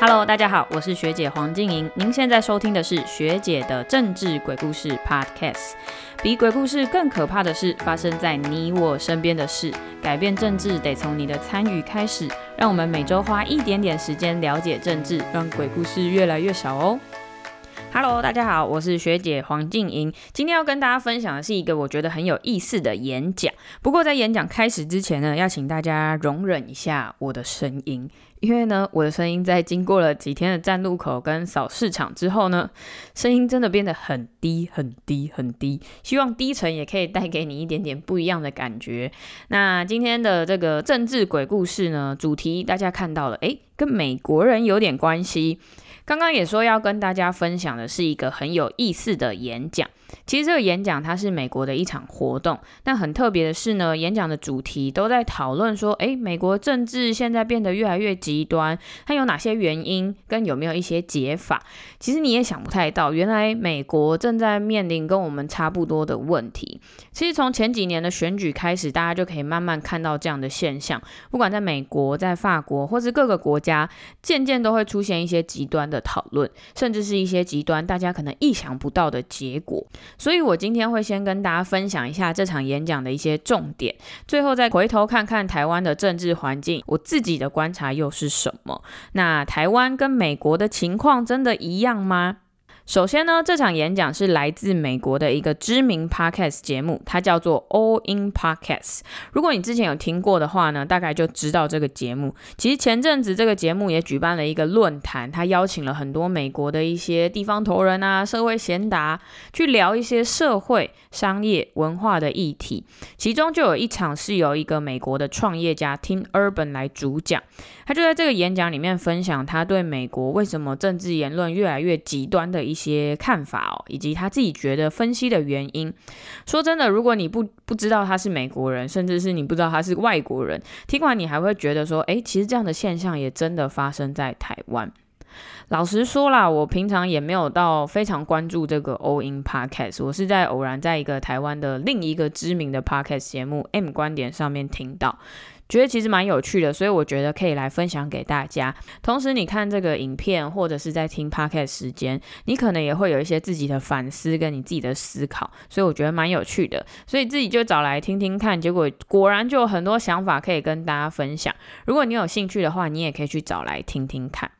哈嘍，大家好，我是學姐黃靜瑩。您現在收聽的是學姐的政治鬼故事 Podcast。比鬼故事更可怕的是發生在你我身邊的事。改變政治得從你的參與開始。讓我們每周花一點點時間了解政治，讓鬼故事越來越少哦。Hello，大家好，我是學姐黃靜瑩。今天要跟大家分享的是一個我覺得很有意思的演講。不過在演講開始之前呢，要請大家容忍一下我的聲音，因為呢，我的聲音在經過了幾天的站路口跟掃市場之後呢，聲音真的變得很低很低很低。希望低沉也可以帶給你一點點不一樣的感覺。那今天的這個政治鬼故事呢，主題大家看到了，哎、欸，跟美國人有點關係。剛剛也說要跟大家分享的是一個很有意思的演講。其實這個演講它是美國的一場活動，但很特別的是呢，演講的主題都在討論說，誒，美國政治現在變得越來越極端，它有哪些原因，跟有沒有一些解法？其實你也想不太到，原來美國正在面臨跟我們差不多的問題。其實從前幾年的選舉開始，大家就可以慢慢看到這樣的現象，不管在美國、在法國或是各個國家，漸漸都會出現一些極端的討論，甚至是一些極端大家可能意想不到的結果。所以我今天會先跟大家分享一下這場演講的一些重點，最後再回頭看看台灣的政治環境，我自己的觀察又是什麼？那台灣跟美國的情況真的一樣嗎？首先呢，這場演講是來自美國的一個知名 podcast 節目，它叫做 All in Podcast。如果你之前有聽過的話呢，大概就知道這個節目。其實前陣子這個節目也舉辦了一個論壇，他邀請了很多美國的一些地方頭人啊、社會賢達去聊一些社會、商業、文化的議題。其中就有一場是由一個美國的創業家 Tim Urban 來主講，他就在這個演講裡面分享他對美國為什麼政治言論越來越極端的一些些看法哦，以及他自己覺得分析的原因。說真的，如果你不不知道他是美國人，甚至是你不知道他是外國人，聽完你還會覺得說，欸，其實這樣的現象也真的發生在台灣。老實說啦，我平常也沒有到非常關注這個 All In Podcast，我是在偶然在一個台灣的另一個知名的 Podcast 節目 M 觀點上面聽到。覺得其實蠻有趣的，所以我覺得可以來分享給大家。同時，你看這個影片，或者是在聽 podcast 時間，你可能也會有一些自己的反思跟你自己的思考，所以我覺得蠻有趣的。所以自己就找來聽聽看，結果果然就有很多想法可以跟大家分享。如果你有興趣的話，你也可以去找來聽聽看。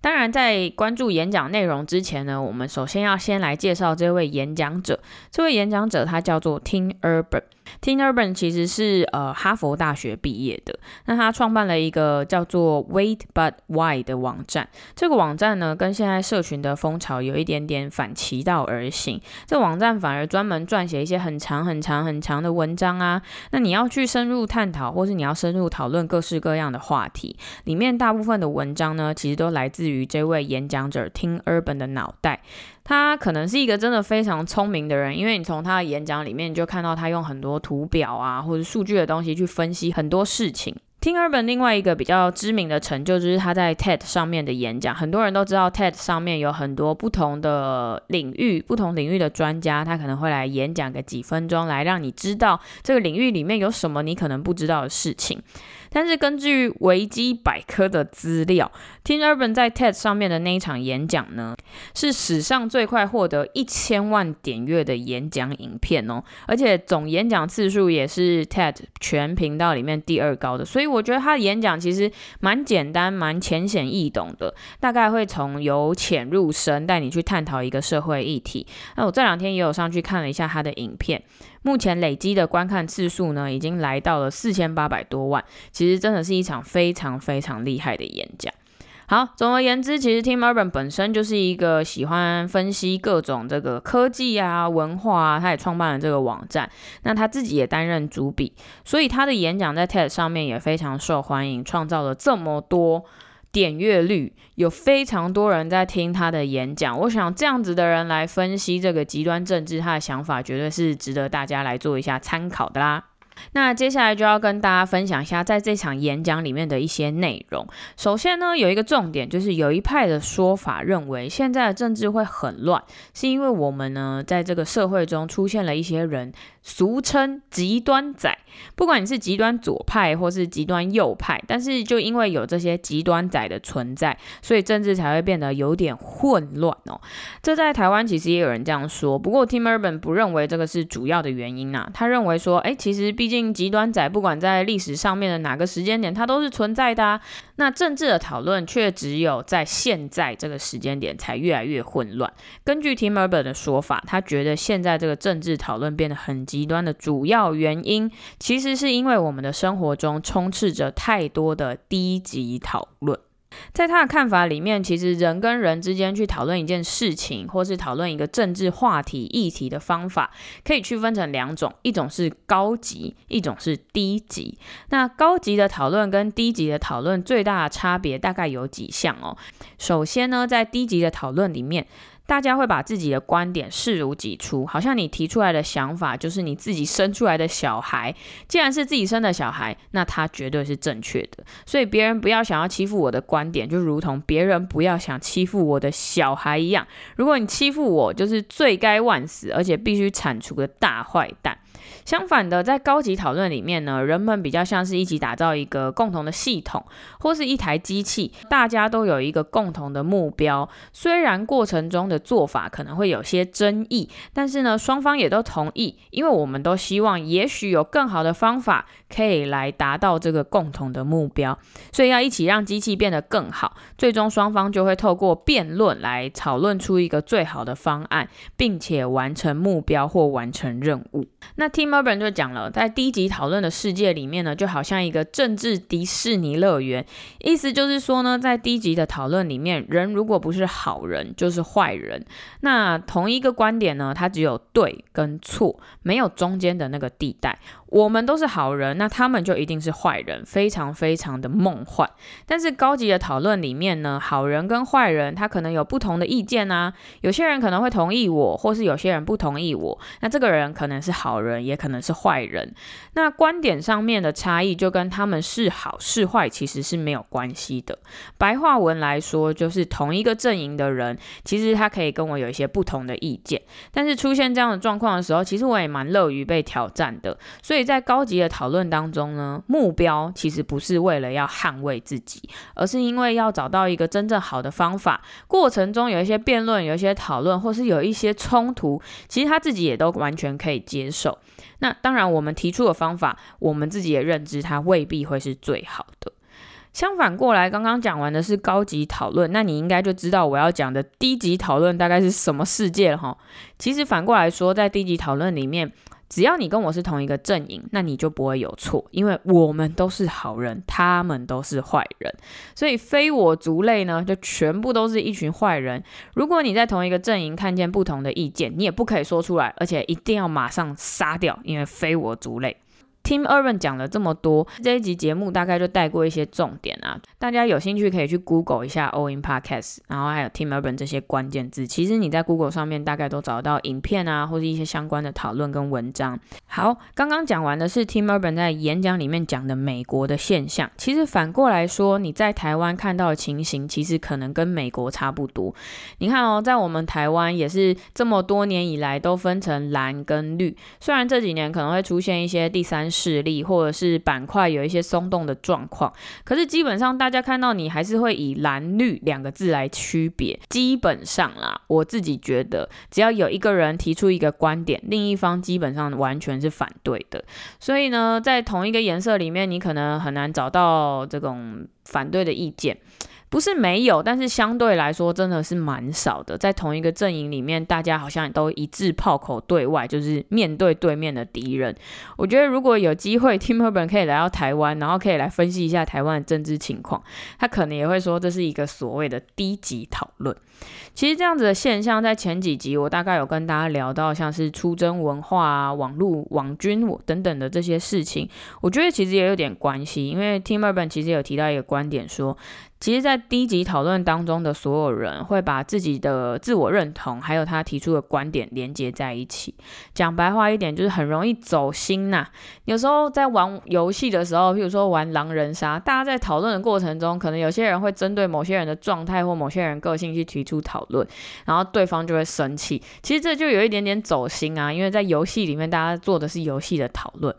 當然，在關注演講內容之前呢，我們首先要先來介紹這位演講者。這位演講者他叫做 Tim Urban。Tim Urban 其實是呃哈佛大學畢業的，那他創辦了一個叫做 Wait But Why 的網站。這個網站呢，跟現在社群的風潮有一點點反其道而行。這網站反而專門撰寫一些很長、很長、很長的文章啊。那你要去深入探討，或是你要深入討論各式各樣的話題，裡面大部分的文章呢，其實都來自於這位演講者 Tim Urban 的腦袋。他可能是一個真的非常聰明的人，因為你從他的演講裡面你就看到他用很多圖表啊，或者數據的東西去分析很多事情。Tim Urban 另外一個比較知名的成就就是他在 TED 上面的演講，很多人都知道 TED 上面有很多不同的領域，不同領域的專家，他可能會來演講個幾分鐘，來讓你知道這個領域裡面有什麼你可能不知道的事情。但是根據維基百科的資料，Tim Urban 在 TED 上面的那一場演講呢，是史上最快獲得一千萬點閱的演講影片哦，而且總演講次數也是 TED 全頻道裡面第二高的，所以。我覺得他的演講其實蠻簡單、蠻淺顯易懂的，大概會從由淺入深帶你去探討一個社會議題。那我這兩天也有上去看了一下他的影片，目前累積的觀看次數呢，已經來到了四千八百多萬。其實真的是一場非常非常厲害的演講。好，總而言之，其實 Tim Urban 本身就是一個喜歡分析各種這個科技啊、文化啊，他也創辦了這個網站，那他自己也擔任主筆，所以他的演講在 TED 上面也非常受歡迎，創造了這麼多點閱率，有非常多人在聽他的演講。我想這樣子的人來分析這個極端政治，他的想法絕對是值得大家來做一下參考的啦。那接下來就要跟大家分享一下在這場演講裡面的一些內容。首先呢，有一個重點，就是有一派的說法認為，現在的政治會很亂，是因為我們呢在這個社會中出現了一些人，俗稱極端仔。不管你是極端左派或是極端右派，但是就因為有這些極端仔的存在，所以政治才會變得有點混亂哦。這在台灣其實也有人這樣說，不過 Tim Urban 不認為這個是主要的原因啊。他認為說，哎，其實畢竟極端仔不管在歷史上面的哪個時間點，它都是存在的啊，那政治的討論卻只有在現在這個時間點才越來越混亂。根據 Tim Urban 的說法，他覺得現在這個政治討論變得很極端的主要原因，其實是因為我們的生活中充斥着太多的低級討論。在他的看法裡面，其實人跟人之間去討論一件事情，或是討論一個政治話題議題的方法，可以區分成兩種，一種是高級，一種是低級。那高級的討論跟低級的討論最大的差別大概有幾項哦。首先呢，在低級的討論裡面。大家會把自己的觀點視如己出，好像你提出來的想法就是你自己生出來的小孩。既然是自己生的小孩，那他絕對是正確的。所以別人不要想要欺負我的觀點，就如同別人不要想欺負我的小孩一樣。如果你欺負我，就是罪該萬死，而且必須鏟除個大壞蛋。相反的，在高級討論裡面呢，人們比較像是一起打造一個共同的系統或是一台機器，大家都有一個共同的目標。雖然過程中的做法可能會有些爭議，但是呢，雙方也都同意，因為我們都希望也許有更好的方法可以來達到這個共同的目標。所以要一起讓機器變得更好，最終雙方就會透過辯論來討論出一個最好的方案，並且完成目標或完成任務。那。Tim Urban 就講了，在低級討論的世界裡面呢，就好像一個政治迪士尼樂園，意思就是說呢，在低級的討論裡面，人如果不是好人就是壞人，那同一個觀點呢，它只有對跟錯，沒有中間的那個地帶。我們都是好人，那他們就一定是壞人，非常非常的夢幻。但是高級的討論裡面呢，好人跟壞人他可能有不同的意見啊。有些人可能會同意我，或是有些人不同意我。那這個人可能是好人，也可能是壞人。那觀點上面的差異就跟他們是好是壞其實是沒有關係的。白話文來說，就是同一個陣營的人，其實他可以跟我有一些不同的意見。但是出現這樣的狀況的時候，其實我也蠻樂於被挑戰的。所以。在高級的討論當中呢，目標其實不是為了要捍衛自己，而是因為要找到一個真正好的方法。過程中有一些辯論，有一些討論，或是有一些衝突，其實他自己也都完全可以接受。那當然，我們提出的方法，我們自己也認知它未必會是最好的。相反過來，剛剛講完的是高級討論，那你應該就知道我要講的低級討論大概是什麼世界了吼。其實反過來說，在低級討論裡面。只要你跟我是同一個陣營，那你就不會有錯，因為我們都是好人，他們都是壞人，所以非我族類呢，就全部都是一群壞人。如果你在同一個陣營看見不同的意見，你也不可以說出來，而且一定要馬上殺掉，因為非我族類。Tim Urban 講了這麼多，這一集節目大概就帶過一些重點啊。大家有興趣可以去 Google 一下 All in Podcast，然後還有 Tim Urban 這些關鍵字。其實你在 Google 上面大概都找到影片啊，或者一些相關的討論跟文章。好，剛剛講完的是 Tim Urban 在演講裡面講的美國的現象。其實反過來說，你在台灣看到的情形，其實可能跟美國差不多。你看哦，在我們台灣也是這麼多年以來都分成藍跟綠，雖然這幾年可能會出現一些第三。勢力或者是板塊有一些鬆動的狀況，可是基本上大家看到你還是會以藍綠兩個字來區別。基本上啦，我自己覺得，只要有一個人提出一個觀點，另一方基本上完全是反對的。所以呢，在同一個顏色裡面，你可能很難找到這種反對的意見。不是沒有，但是相對來說真的是蠻少的。在同一個陣營裡面，大家好像也都一致炮口對外，就是面對對面的敵人。我覺得如果有機會，Tim Urban 可以來到台灣，然後可以來分析一下台灣的政治情況，他可能也會說這是一個所謂的低級討論。其實這樣子的現象，在前幾集我大概有跟大家聊到，像是出征文化啊、網絡、網軍等等的這些事情，我覺得其實也有點關係，因為 Tim Urban 其實有提到一個觀點說。其實，在低級討論當中的所有人會把自己的自我認同，還有他提出的觀點連接在一起。講白話一點，就是很容易走心吶、啊。有時候在玩遊戲的時候，譬如說玩狼人殺，大家在討論的過程中，可能有些人會針對某些人的狀態或某些人個性去提出討論，然後對方就會生氣。其實這就有一點點走心啊，因為在遊戲裡面，大家做的是遊戲的討論。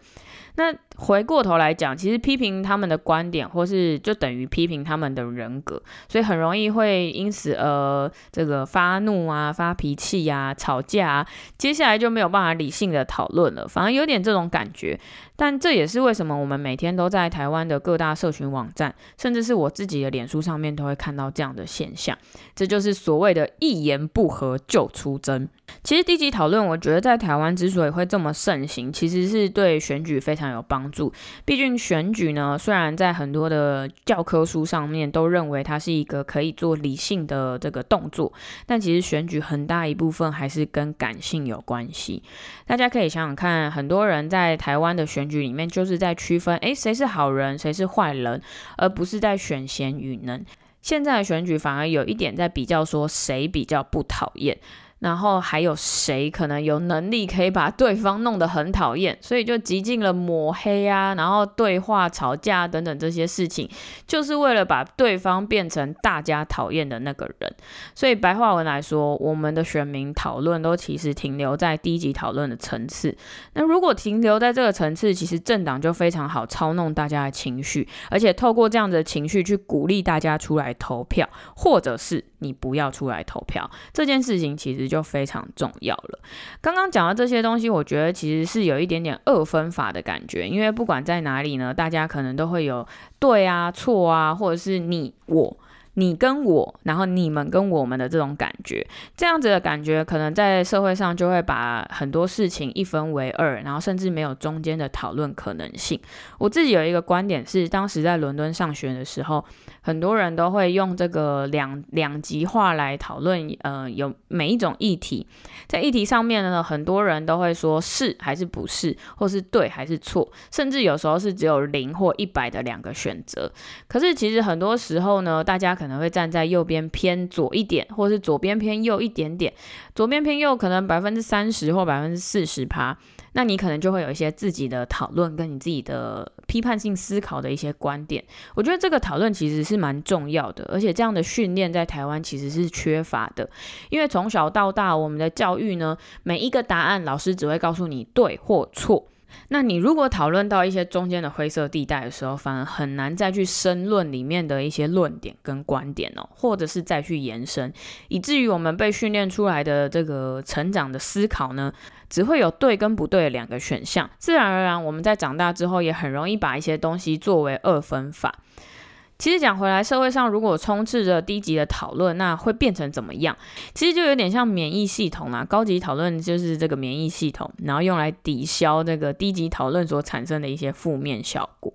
那回過頭來講，其實批評他們的觀點，或是就等於批評他們的人格，所以很容易會因此而這個發怒啊、發脾氣啊、吵架啊，接下來就沒有辦法理性的討論了，反而有點這種感覺。但這也是為什麼我們每天都在台灣的各大社群網站，甚至是我自己的臉書上面都會看到這樣的現象。這就是所謂的“一言不合就出征”。其實低級討論，我覺得在台灣之所以會這麼盛行，其實是對選舉非常有幫助。畢竟選舉呢，雖然在很多的教科書上面都認為它是一個可以做理性的這個動作，但其實選舉很大一部分還是跟感性有關係。大家可以想想看，很多人在台灣的選局裡面就是在區分，哎、欸，誰是好人，誰是壞人，而不是在選賢與能。現在的選舉反而有一點在比較，說誰比較不討厭。然後還有誰可能有能力可以把對方弄得很討厭？所以就極盡了抹黑啊，然後對話、吵架等等這些事情，就是為了把對方變成大家討厭的那個人。所以白話文來說，我們的選民討論都其實停留在低級討論的層次。那如果停留在這個層次，其實政黨就非常好操弄大家的情緒，而且透過這樣子的情緒去鼓勵大家出來投票，或者是你不要出來投票這件事情，其實。就非常重要了。剛剛講到這些東西，我覺得其實是有一點點二分法的感覺，因為不管在哪裡呢，大家可能都會有對啊、錯啊，或者是你我。你跟我，然後你們跟我們的這種感覺，這樣子的感覺，可能在社會上就會把很多事情一分為二，然後甚至沒有中間的討論可能性。我自己有一個觀點是，當時在倫敦上學的時候，很多人都會用這個兩兩極化來討論，嗯、呃，有每一種議題，在議題上面呢，很多人都會說是還是不是，或是對還是錯，甚至有時候是只有零或一百的兩個選擇。可是其實很多時候呢，大家可能可能會站在右邊偏左一點，或是左邊偏右一點點。左邊偏右可能百分之三十或百分之四十趴，那你可能就會有一些自己的討論，跟你自己的批判性思考的一些觀點。我覺得這個討論其實是蠻重要的，而且這樣的訓練在台灣其實是缺乏的，因為從小到大我們的教育呢，每一個答案老師只會告訴你對或錯。那你如果討論到一些中間的灰色地帶的時候，反而很難再去申論裡面的一些論點跟觀點哦、喔，或者是再去延伸，以至於我們被訓練出來的這個成長的思考呢，只會有對跟不對兩個選項。自然而然，我們在長大之後也很容易把一些東西作為二分法。其實講回來，社會上如果充斥着低級的討論，那會變成怎麼樣？其實就有點像免疫系統啦，高級討論就是這個免疫系統，然後用來抵消這個低級討論所產生的一些負面效果。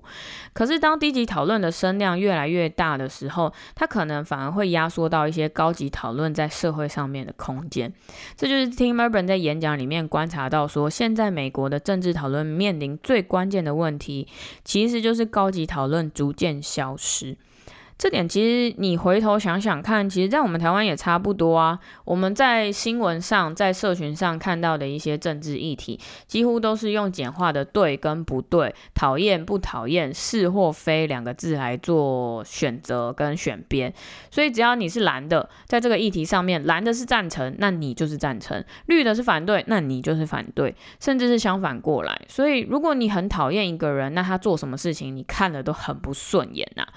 可是當低級討論的聲量越來越大的時候，它可能反而會壓縮到一些高級討論在社會上面的空間。這就是 Tim Urban 在演講裡面觀察到說，現在美國的政治討論面臨最關鍵的問題，其實就是高級討論逐漸消失。這點其實你回頭想想看，其實在我們台灣也差不多啊。我們在新聞上、在社群上看到的一些政治議題，幾乎都是用簡化的對跟不對、討厭不討厭、是或非兩個字來做選擇跟選邊。所以只要你是藍的，在這個議題上面，藍的是贊成，那你就是贊成；綠的是反對，那你就是反對，甚至是相反過來。所以如果你很討厭一個人，那他做什麼事情，你看了都很不順眼吶、啊。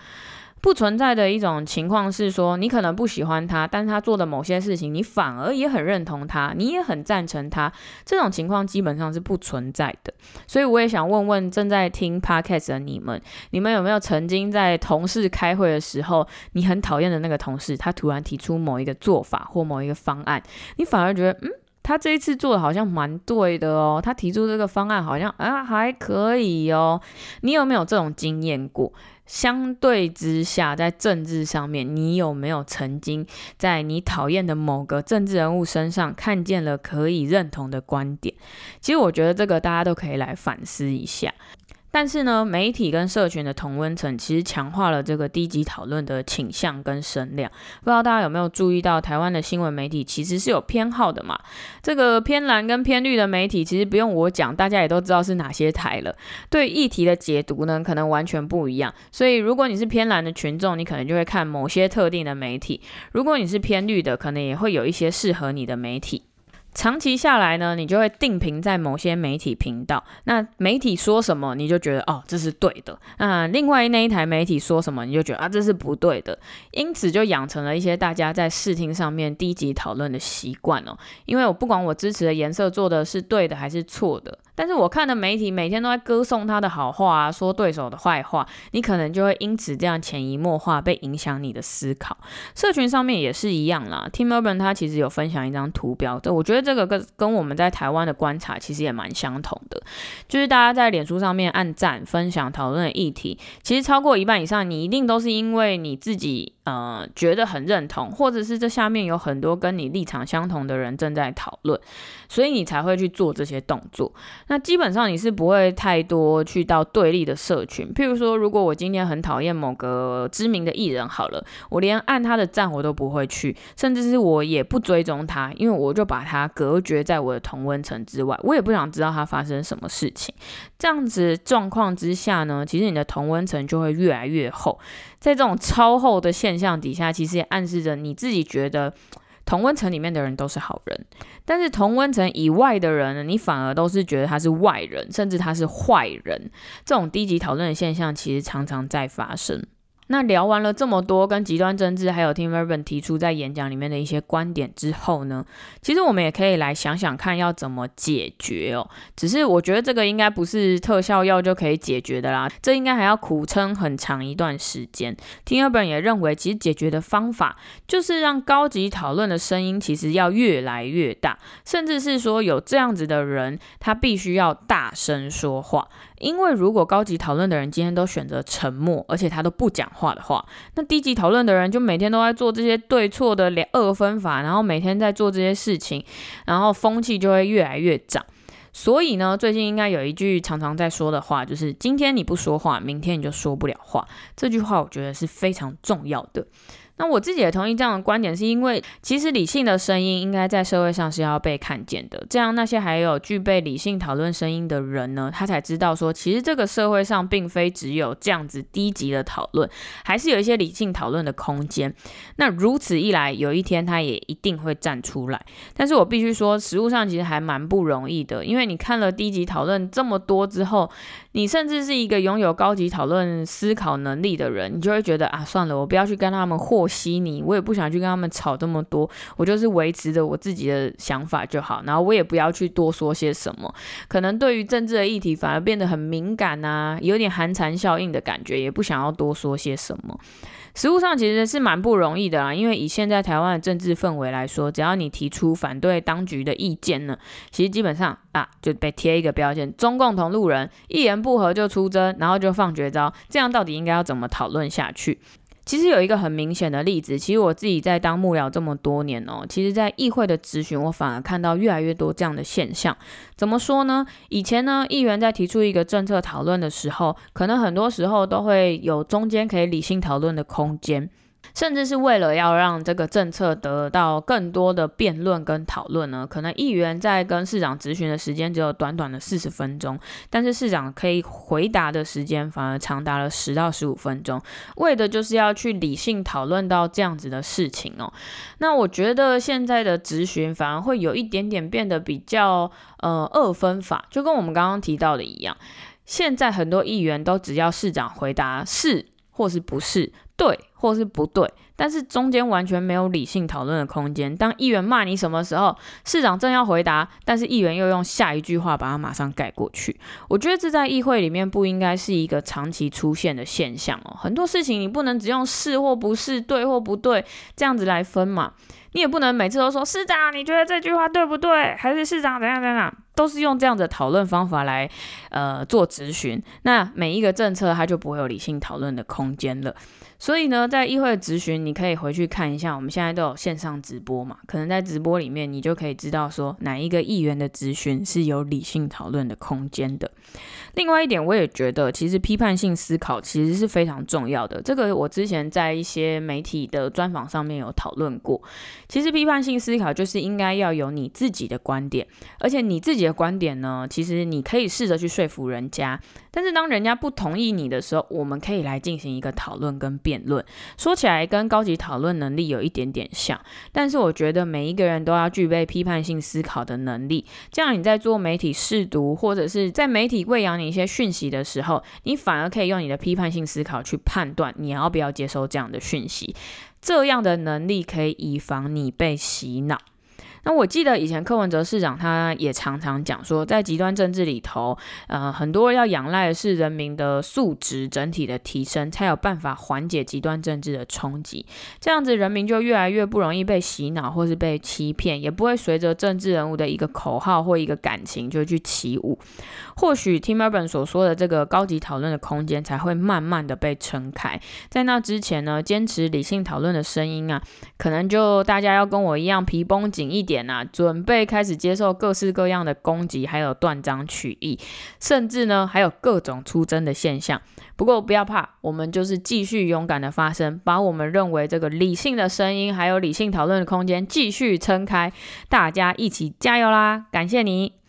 不存在的一種情況是說，你可能不喜歡他，但是他做的某些事情，你反而也很認同他，你也很贊成他。這種情況基本上是不存在的。所以我也想問問正在聽 Podcast 的你們，你們有沒有曾經在同事開會的時候，你很討厭的那個同事，他突然提出某一個做法或某一個方案，你反而覺得，嗯？他這一次做的好像蠻對的哦，他提出這個方案好像啊還可以哦。你有沒有這種經驗過？相對之下，在政治上面，你有沒有曾經在你討厭的某個政治人物身上看見了可以認同的觀點？其實我覺得這個大家都可以來反思一下。但是呢，媒體跟社群的同溫層其實強化了這個低級討論的傾向跟聲量。不知道大家有沒有注意到，台灣的新聞媒體其實是有偏好的嘛？這個偏藍跟偏綠的媒體，其實不用我講，大家也都知道是哪些台了。對議題的解讀呢，可能完全不一樣。所以如果你是偏藍的群眾，你可能就會看某些特定的媒體；如果你是偏綠的，可能也會有一些適合你的媒體。長期下來呢，你就會定頻在某些媒體頻道，那媒體說什麼，你就覺得哦，這是對的；那另外那一台媒體說什麼，你就覺得啊，這是不對的。因此就養成了一些大家在視聽上面低級討論的習慣哦。因為我不管我支持的顏色做的是對的還是錯的，但是我看的媒體每天都在歌頌他的好話啊，說對手的壞話，你可能就會因此這樣潛移默化被影響你的思考。社群上面也是一樣啦，Tim Urban 他其實有分享一張圖標的，我覺得。這個跟跟我們在台灣的觀察其實也蠻相同的，就是大家在臉書上面按讚、分享、討論的議題，其實超過一半以上，你一定都是因為你自己。呃，覺得很認同，或者是這下面有很多跟你立場相同的人正在討論，所以你才會去做這些動作。那基本上你是不會太多去到對立的社群。譬如說，如果我今天很討厭某個知名的藝人，好了，我連按他的讚我都不會去，甚至是我也不追蹤他，因為我就把他隔絕在我的同溫層之外，我也不想知道他發生什麼事情。這樣子狀況之下呢，其實你的同溫層就會越來越厚。在這種超厚的現象底下，其實也暗示着你自己覺得同溫層裡面的人都是好人，但是同溫層以外的人，你反而都是覺得他是外人，甚至他是壞人。這種低級討論的現象，其實常常在發生。那聊完了這麼多跟極端政治，還有 Tim Urban 提出在演講裡面的一些觀點之後呢，其實我們也可以來想想看要怎麼解決哦。只是我覺得這個應該不是特效藥就可以解決的啦，這應該還要苦撐很長一段時間。Tim Urban 也認為，其實解決的方法就是讓高級討論的聲音其實要越來越大，甚至是說有這樣子的人，他必須要大聲說話。因為如果高級討論的人今天都選擇沉默，而且他都不講話的話，那低級討論的人就每天都在做這些對錯的兩二分法，然後每天在做這些事情，然後風氣就會越來越漲。所以呢，最近應該有一句常常在說的話，就是“今天你不說話，明天你就說不了話”。這句話我覺得是非常重要的。那我自己也同意這樣的觀點，是因為其實理性的聲音應該在社會上是要被看見的。這樣那些還有具備理性討論聲音的人呢，他才知道說，其實這個社會上並非只有這樣子低級的討論，還是有一些理性討論的空間。那如此一來，有一天他也一定會站出來。但是我必須說，實務上其實還蠻不容易的，因為你看了低級討論這麼多之後，你甚至是一個擁有高級討論思考能力的人，你就會覺得啊，算了，我不要去跟他們我稀我也不想去跟他們吵這麼多，我就是維持着我自己的想法就好，然後我也不要去多說些什麼。可能對於政治的議題，反而變得很敏感吶、啊，有點寒蟬效應的感覺，也不想要多說些什麼。實務上其實是蠻不容易的啦，因為以現在台灣的政治氛圍來說，只要你提出反對當局的意見呢，其實基本上啊就被貼一個標籤，中共同路人，一言不合就出征，然後就放絕招，這樣到底應該要怎麼討論下去？其實有一個很明顯的例子，其實我自己在當幕僚這麼多年哦，其實，在議會的質詢，我反而看到越來越多這樣的現象。怎麼說呢？以前呢，議員在提出一個政策討論的時候，可能很多時候都會有中間可以理性討論的空間。甚至是為了要讓這個政策得到更多的辯論跟討論呢，可能議員在跟市長質詢的時間只有短短的四十分鐘，但是市長可以回答的時間反而長達了十到十五分鐘，為的就是要去理性討論到這樣子的事情哦。那我覺得現在的質詢反而會有一點點變得比較呃，二分法，就跟我們剛剛提到的一樣，現在很多議員都只要市長回答是或是不是。對，或是不對，但是中間完全沒有理性討論的空間。當議員罵你什麼時候，市長正要回答，但是議員又用下一句話把他馬上蓋過去。我覺得這在議會裡面不應該是一個長期出現的現象哦。很多事情你不能只用是或不是，對或不對，這樣子來分嘛。你也不能每次都說市長，你覺得這句話對不對？還是市長怎樣怎樣？都是用這樣的討論方法來，呃，做質詢。那每一個政策，它就不會有理性討論的空間了。所以呢，在議會質詢，你可以回去看一下，我們現在都有線上直播嘛。可能在直播裡面，你就可以知道說哪一個議員的質詢是有理性討論的空間的。另外一點，我也覺得，其實批判性思考其實是非常重要的。這個我之前在一些媒體的專訪上面有討論過。其實批判性思考就是應該要有你自己的觀點，而且你自己的觀點呢，其實你可以試着去說服人家。但是當人家不同意你的時候，我們可以來進行一個討論跟辯論。說起來跟高級討論能力有一點點像，但是我覺得每一個人都要具備批判性思考的能力。這樣你在做媒體識讀，或者是在媒體餵養你，一些訊息的時候，你反而可以用你的批判性思考去判斷你要不要接收這樣的訊息。這樣的能力可以以防你被洗腦。那我記得以前柯文哲市長他也常常講說，在極端政治裡頭，呃，很多要仰賴的是人民的素質整體的提升，才有辦法緩解極端政治的衝擊。這樣子，人民就越來越不容易被洗腦或是被欺騙，也不會隨着政治人物的一個口號或一個感情就去起舞。或許 Tim Urban 所說的這個高級討論的空間才會慢慢的被撐開。在那之前呢，堅持理性討論的聲音啊，可能就大家要跟我一樣皮繃緊一點點啊，準備開始接受各式各樣的攻擊，還有斷章取義，甚至呢，還有各種出征的現象。不過不要怕，我們就是繼續勇敢的發聲，把我們認為這個理性的聲音，還有理性討論的空間繼續撐開。大家一起加油啦，感謝你。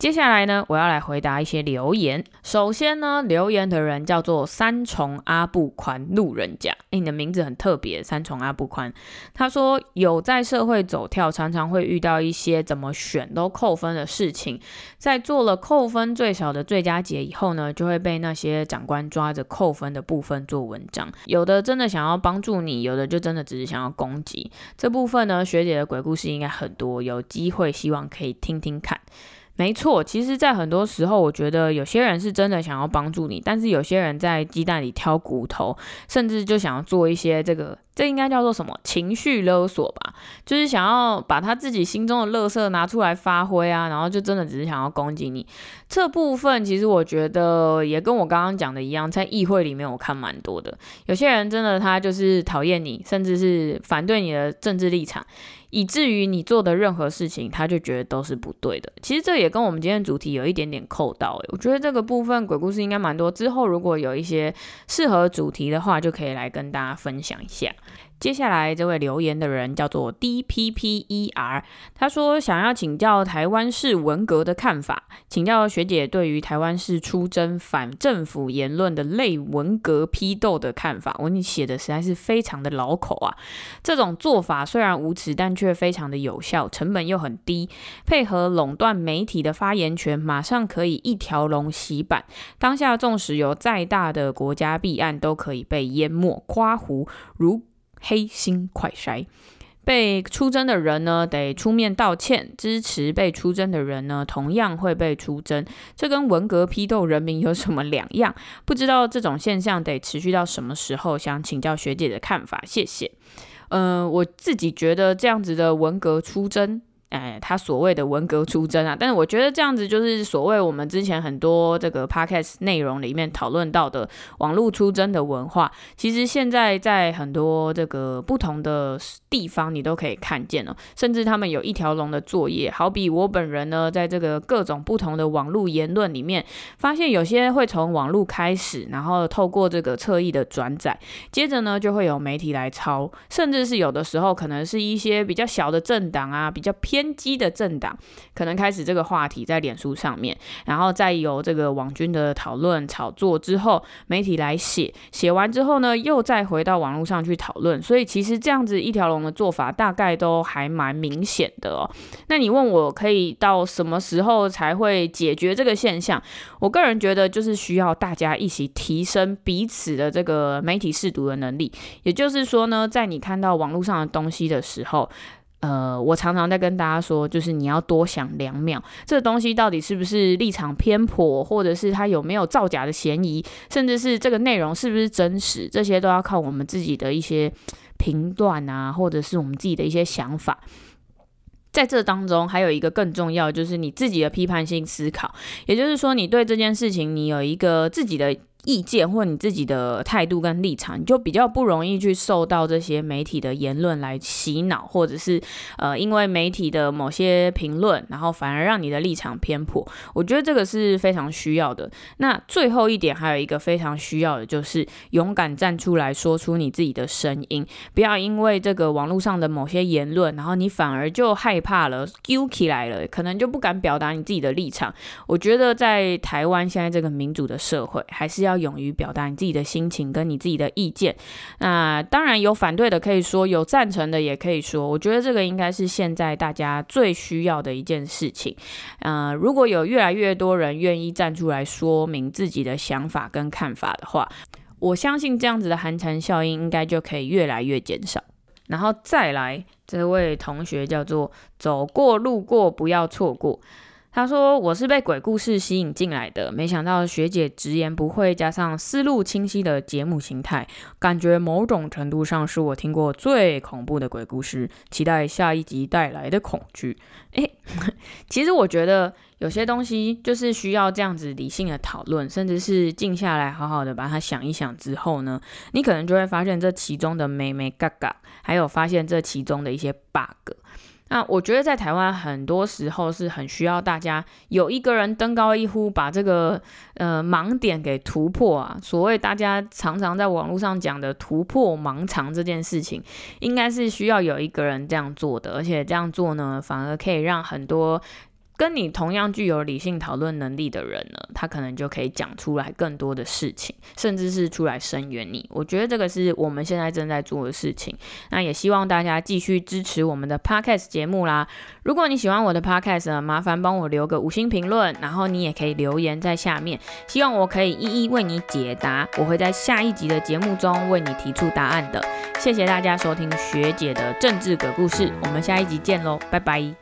接下來呢，我要來回答一些留言。首先呢，留言的人叫做三重阿布寬路人甲。欸、你的名字很特別，三重阿布寬。他說有在社會走跳，常常會遇到一些怎麼選都扣分的事情。在做了扣分最少的最佳解以後呢，就會被那些長官抓着扣分的部分做文章。有的真的想要幫助你，有的就真的只是想要攻擊。這部分呢，學姐的鬼故事應該很多，有機會希望可以聽聽看。沒錯，其實，在很多時候，我覺得有些人是真的想要幫助你，但是有些人在雞蛋裡挑骨頭，甚至就想要做一些這個，這應該叫做什麼？情緒勒索吧，就是想要把他自己心中的垃圾拿出來發揮啊，然後就真的只是想要攻擊你。這部分其實我覺得也跟我剛剛講的一樣，在議會裡面，我看蠻多的，有些人真的他就是討厭你，甚至是反對你的政治立場。以至於你做的任何事情，他就覺得都是不對的。其實這也跟我們今天的主題有一點點扣到欸，我覺得這個部分鬼故事應該蠻多。之後如果有一些適合主題的話，就可以來跟大家分享一下。接下來這位留言的人叫做 D P P E R，他說想要請教台灣式文革的看法，請教學姐對於台灣式出征反政府言論的類文革批鬥的看法。我你寫的實在是非常的老口啊！這種做法雖然無恥，但卻非常的有效，成本又很低，配合壟斷媒體的發言權，馬上可以一條龍洗版。當下縱使有再大的國家弊案，都可以被淹沒誇胡。如黑心快篩，被出征的人呢，得出面道歉；支持被出征的人呢，同樣會被出征。這跟文革批鬥人民有什麼兩樣？不知道這種現象得持續到什麼時候？想請教學姐的看法，謝謝。嗯、呃，我自己覺得這樣子的文革出征。哎，他所謂的“文革出征”啊，但是我覺得這樣子就是所謂我們之前很多這個 podcast 內容裡面討論到的網絡出征的文化，其實現在在很多這個不同的地方你都可以看見哦。甚至他們有一條龍的作業。好比我本人呢，在這個各種不同的網絡言論裡面，發現有些會從網絡開始，然後透過這個側翼的轉載，接着呢就會有媒體來抄，甚至是有的時候可能是一些比較小的政黨啊，比較偏。偏激的政黨可能開始這個話題在臉書上面，然後再由這個網軍的討論炒作之後，媒體來寫，寫完之後呢，又再回到網絡上去討論。所以其實這樣子一條龍的做法，大概都還蠻明顯的哦。那你問我可以到什麼時候才會解決這個現象？我個人覺得就是需要大家一起提升彼此的這個媒體識讀的能力。也就是說呢，在你看到網絡上的東西的時候。呃，我常常在跟大家說，就是你要多想兩秒，這個東西到底是不是立場偏頗，或者是他有沒有造假的嫌疑，甚至是這個內容是不是真實，這些都要靠我們自己的一些評斷啊，或者是我們自己的一些想法。在這當中，還有一個更重要，就是你自己的批判性思考，也就是說，你對這件事情，你有一個自己的。意見或你自己的態度跟立場，你就比較不容易去受到這些媒體的言論來洗腦，或者是呃因為媒體的某些評論，然後反而讓你的立場偏頗。我覺得這個是非常需要的。那最後一點還有一個非常需要的就是勇敢站出來說出你自己的聲音，不要因為這個網絡上的某些言論，然後你反而就害怕了，羞起來了，可能就不敢表達你自己的立場。我覺得在台灣現在這個民主的社會，還是要。勇於表達你自己的心情跟你自己的意見，那當然有反對的可以說，有贊成的也可以說。我覺得這個應該是現在大家最需要的一件事情。呃，如果有越來越多人願意站出來說明自己的想法跟看法的話，我相信這樣子的寒蟬效應應該就可以越來越減少。然後再來這位同學叫做走過路過不要錯過。他說：“我是被鬼故事吸引進來的，沒想到學姐直言不諱，加上思路清晰的節目形態，感覺某種程度上是我聽過最恐怖的鬼故事。期待下一集帶來的恐懼。”誒，其實我覺得有些東西就是需要這樣子理性的討論，甚至是靜下來好好的把它想一想之後呢，你可能就會發現這其中的眉眉角角，還有發現這其中的一些 bug。那我覺得在台灣很多時候是很需要大家有一個人登高一呼，把這個呃盲點給突破啊。所謂大家常常在網絡上講的突破盲腸這件事情，應該是需要有一個人這樣做的，而且這樣做呢，反而可以讓很多。跟你同樣具有理性討論能力的人呢，他可能就可以講出來更多的事情，甚至是出來聲援你。我覺得這個是我們現在正在做的事情。那也希望大家繼續支持我們的 podcast 節目啦。如果你喜歡我的 podcast 呢，麻煩幫我留個五星評論，然後你也可以留言在下面，希望我可以一一為你解答。我會在下一集的節目中為你提出答案的。謝謝大家收聽學姐的政治鬼故事，我們下一集見嘍，拜拜。